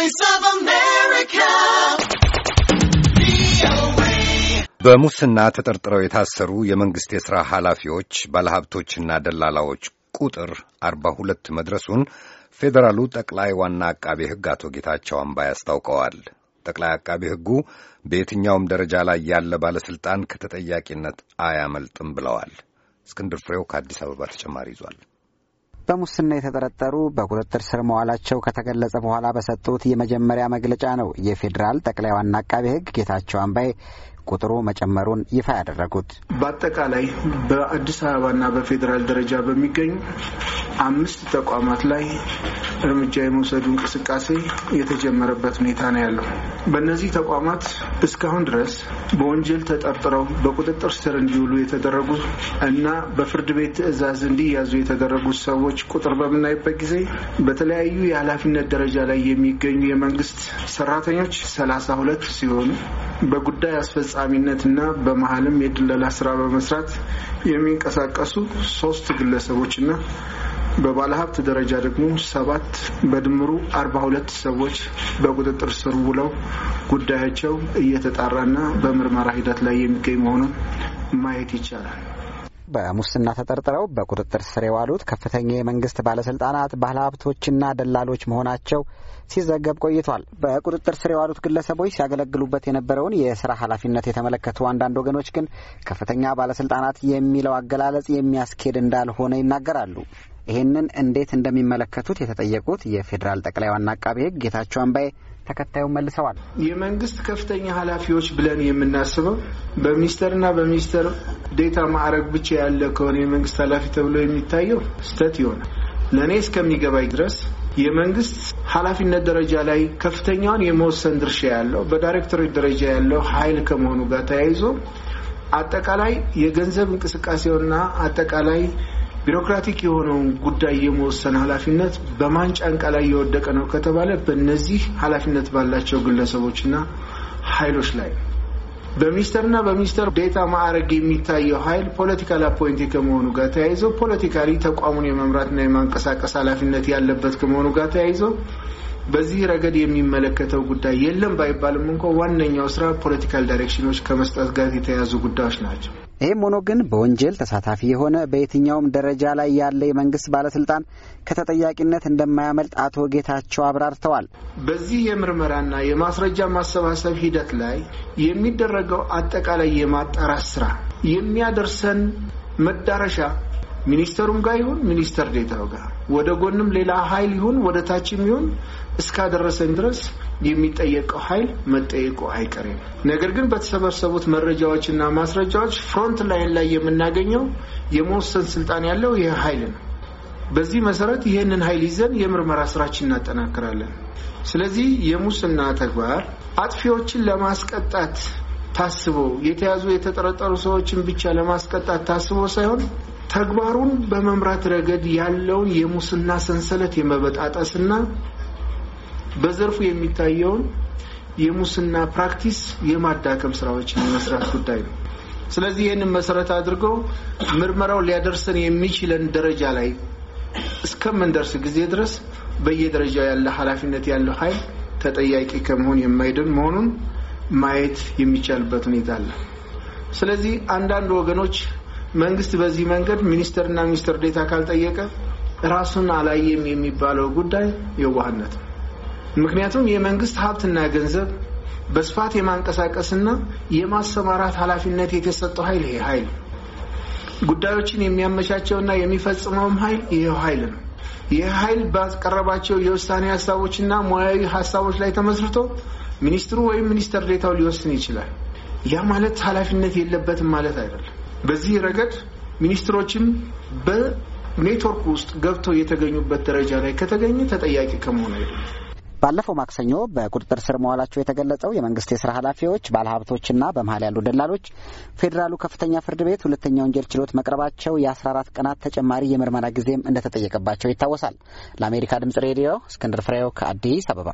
Voice of America. በሙስና ተጠርጥረው የታሰሩ የመንግሥት የሥራ ኃላፊዎች ባለሀብቶችና ደላላዎች ቁጥር አርባ ሁለት መድረሱን ፌዴራሉ ጠቅላይ ዋና አቃቤ ሕግ አቶ ጌታቸው አምባይ አስታውቀዋል። ጠቅላይ አቃቤ ሕጉ በየትኛውም ደረጃ ላይ ያለ ባለሥልጣን ከተጠያቂነት አያመልጥም ብለዋል። እስክንድር ፍሬው ከአዲስ አበባ ተጨማሪ ይዟል። በሙስና የተጠረጠሩ በቁጥጥር ስር መዋላቸው ከተገለጸ በኋላ በሰጡት የመጀመሪያ መግለጫ ነው። የፌዴራል ጠቅላይ ዋና አቃቤ ሕግ ጌታቸው አምባዬ ቁጥሩ መጨመሩን ይፋ ያደረጉት በአጠቃላይ በአዲስ አበባና በፌዴራል ደረጃ በሚገኙ አምስት ተቋማት ላይ እርምጃ የመውሰዱ እንቅስቃሴ የተጀመረበት ሁኔታ ነው ያለው። በእነዚህ ተቋማት እስካሁን ድረስ በወንጀል ተጠርጥረው በቁጥጥር ስር እንዲውሉ የተደረጉ እና በፍርድ ቤት ትዕዛዝ እንዲያዙ የተደረጉ ሰዎች ቁጥር በምናይበት ጊዜ በተለያዩ የኃላፊነት ደረጃ ላይ የሚገኙ የመንግስት ሰራተኞች ሰላሳ ሁለት ሲሆኑ በጉዳይ አስፈጻሚነትና በመሀልም የድለላ ስራ በመስራት የሚንቀሳቀሱ ሶስት ግለሰቦችና በባለሀብት ደረጃ ደግሞ ሰባት በድምሩ አርባ ሁለት ሰዎች በቁጥጥር ስር ውለው ጉዳያቸው እየተጣራና በምርመራ ሂደት ላይ የሚገኝ መሆኑን ማየት ይቻላል። በሙስና ተጠርጥረው በቁጥጥር ስር የዋሉት ከፍተኛ የመንግስት ባለስልጣናት፣ ባለሀብቶችና ደላሎች መሆናቸው ሲዘገብ ቆይቷል። በቁጥጥር ስር የዋሉት ግለሰቦች ሲያገለግሉበት የነበረውን የስራ ኃላፊነት የተመለከቱ አንዳንድ ወገኖች ግን ከፍተኛ ባለስልጣናት የሚለው አገላለጽ የሚያስኬድ እንዳልሆነ ይናገራሉ። ይህንን እንዴት እንደሚመለከቱት የተጠየቁት የፌዴራል ጠቅላይ ዋና አቃቤ ጌታቸው አምባዬ ተከታዩን መልሰዋል። የመንግስት ከፍተኛ ኃላፊዎች ብለን የምናስበው በሚኒስተርና በሚኒስተር ዴታ ማዕረግ ብቻ ያለ ከሆነ የመንግስት ኃላፊ ተብሎ የሚታየው ስህተት ይሆናል። ለእኔ እስከሚገባኝ ድረስ የመንግስት ኃላፊነት ደረጃ ላይ ከፍተኛውን የመወሰን ድርሻ ያለው በዳይሬክቶሬት ደረጃ ያለው ኃይል ከመሆኑ ጋር ተያይዞ አጠቃላይ የገንዘብ እንቅስቃሴውና አጠቃላይ ቢሮክራቲክ የሆነውን ጉዳይ የመወሰን ኃላፊነት በማን ጫንቃ ላይ የወደቀ ነው ከተባለ በእነዚህ ኃላፊነት ባላቸው ግለሰቦችና ኃይሎች ላይ በሚኒስተርና በሚኒስተር ዴታ ማዕረግ የሚታየው ኃይል ፖለቲካል አፖይንቲ ከመሆኑ ጋር ተያይዞ ፖለቲካሊ ተቋሙን የመምራትና የማንቀሳቀስ ኃላፊነት ያለበት ከመሆኑ ጋር ተያይዞ በዚህ ረገድ የሚመለከተው ጉዳይ የለም ባይባልም እንኳ ዋነኛው ስራ ፖለቲካል ዳይሬክሽኖች ከመስጠት ጋር የተያያዙ ጉዳዮች ናቸው። ይህም ሆኖ ግን በወንጀል ተሳታፊ የሆነ በየትኛውም ደረጃ ላይ ያለ የመንግስት ባለስልጣን ከተጠያቂነት እንደማያመልጥ አቶ ጌታቸው አብራርተዋል። በዚህ የምርመራና የማስረጃ ማሰባሰብ ሂደት ላይ የሚደረገው አጠቃላይ የማጣራት ስራ የሚያደርሰን መዳረሻ ሚኒስተሩም ጋር ይሁን ሚኒስተር ዴታው ጋር ወደ ጎንም ሌላ ኃይል ይሁን ወደ ታችም ይሁን እስካደረሰን ድረስ የሚጠየቀው ኃይል መጠየቁ አይቀሬ ነገር ግን በተሰበሰቡት መረጃዎችና ማስረጃዎች ፍሮንት ላይን ላይ የምናገኘው የመወሰን ስልጣን ያለው ይህ ኃይል ነው። በዚህ መሰረት ይህንን ኃይል ይዘን የምርመራ ስራችን እናጠናክራለን። ስለዚህ የሙስና ተግባር አጥፊዎችን ለማስቀጣት ታስቦ የተያዙ የተጠረጠሩ ሰዎችን ብቻ ለማስቀጣት ታስቦ ሳይሆን ተግባሩን በመምራት ረገድ ያለውን የሙስና ሰንሰለት የመበጣጠስና በዘርፉ የሚታየውን የሙስና ፕራክቲስ የማዳከም ስራዎች የመስራት ጉዳይ ነው። ስለዚህ ይህንን መሰረት አድርገው ምርመራው ሊያደርሰን የሚችለን ደረጃ ላይ እስከምንደርስ ጊዜ ድረስ በየደረጃው ያለ ኃላፊነት ያለው ኃይል ተጠያቂ ከመሆን የማይድን መሆኑን ማየት የሚቻልበት ሁኔታ አለ። ስለዚህ አንዳንድ ወገኖች መንግስት በዚህ መንገድ ሚኒስተርና ሚኒስተር ዴታ ካልጠየቀ ራሱን አላየም የሚባለው ጉዳይ የዋህነት ነው። ምክንያቱም የመንግስት ሀብትና ገንዘብ በስፋት የማንቀሳቀስና የማሰማራት ኃላፊነት የተሰጠው ኃይል ይሄ ኃይል ጉዳዮችን የሚያመቻቸውና የሚፈጽመውም ኃይል ይሄው ኃይል ነው። ይህ ኃይል ባቀረባቸው የውሳኔ ሀሳቦችና ሙያዊ ሀሳቦች ላይ ተመስርቶ ሚኒስትሩ ወይም ሚኒስተር ዴታው ሊወስን ይችላል። ያ ማለት ኃላፊነት የለበትም ማለት አይደለም። በዚህ ረገድ ሚኒስትሮችም በኔትወርክ ውስጥ ገብተው የተገኙበት ደረጃ ላይ ከተገኘ ተጠያቂ ከመሆኑ ባለፈው ማክሰኞ በቁጥጥር ስር መዋላቸው የተገለጸው የመንግስት የስራ ኃላፊዎች፣ ባለሀብቶችና በመሀል ያሉ ደላሎች ፌዴራሉ ከፍተኛ ፍርድ ቤት ሁለተኛ ወንጀል ችሎት መቅረባቸው የ14 ቀናት ተጨማሪ የምርመራ ጊዜም እንደተጠየቀባቸው ይታወሳል። ለአሜሪካ ድምጽ ሬዲዮ እስክንድር ፍሬው ከአዲስ አበባ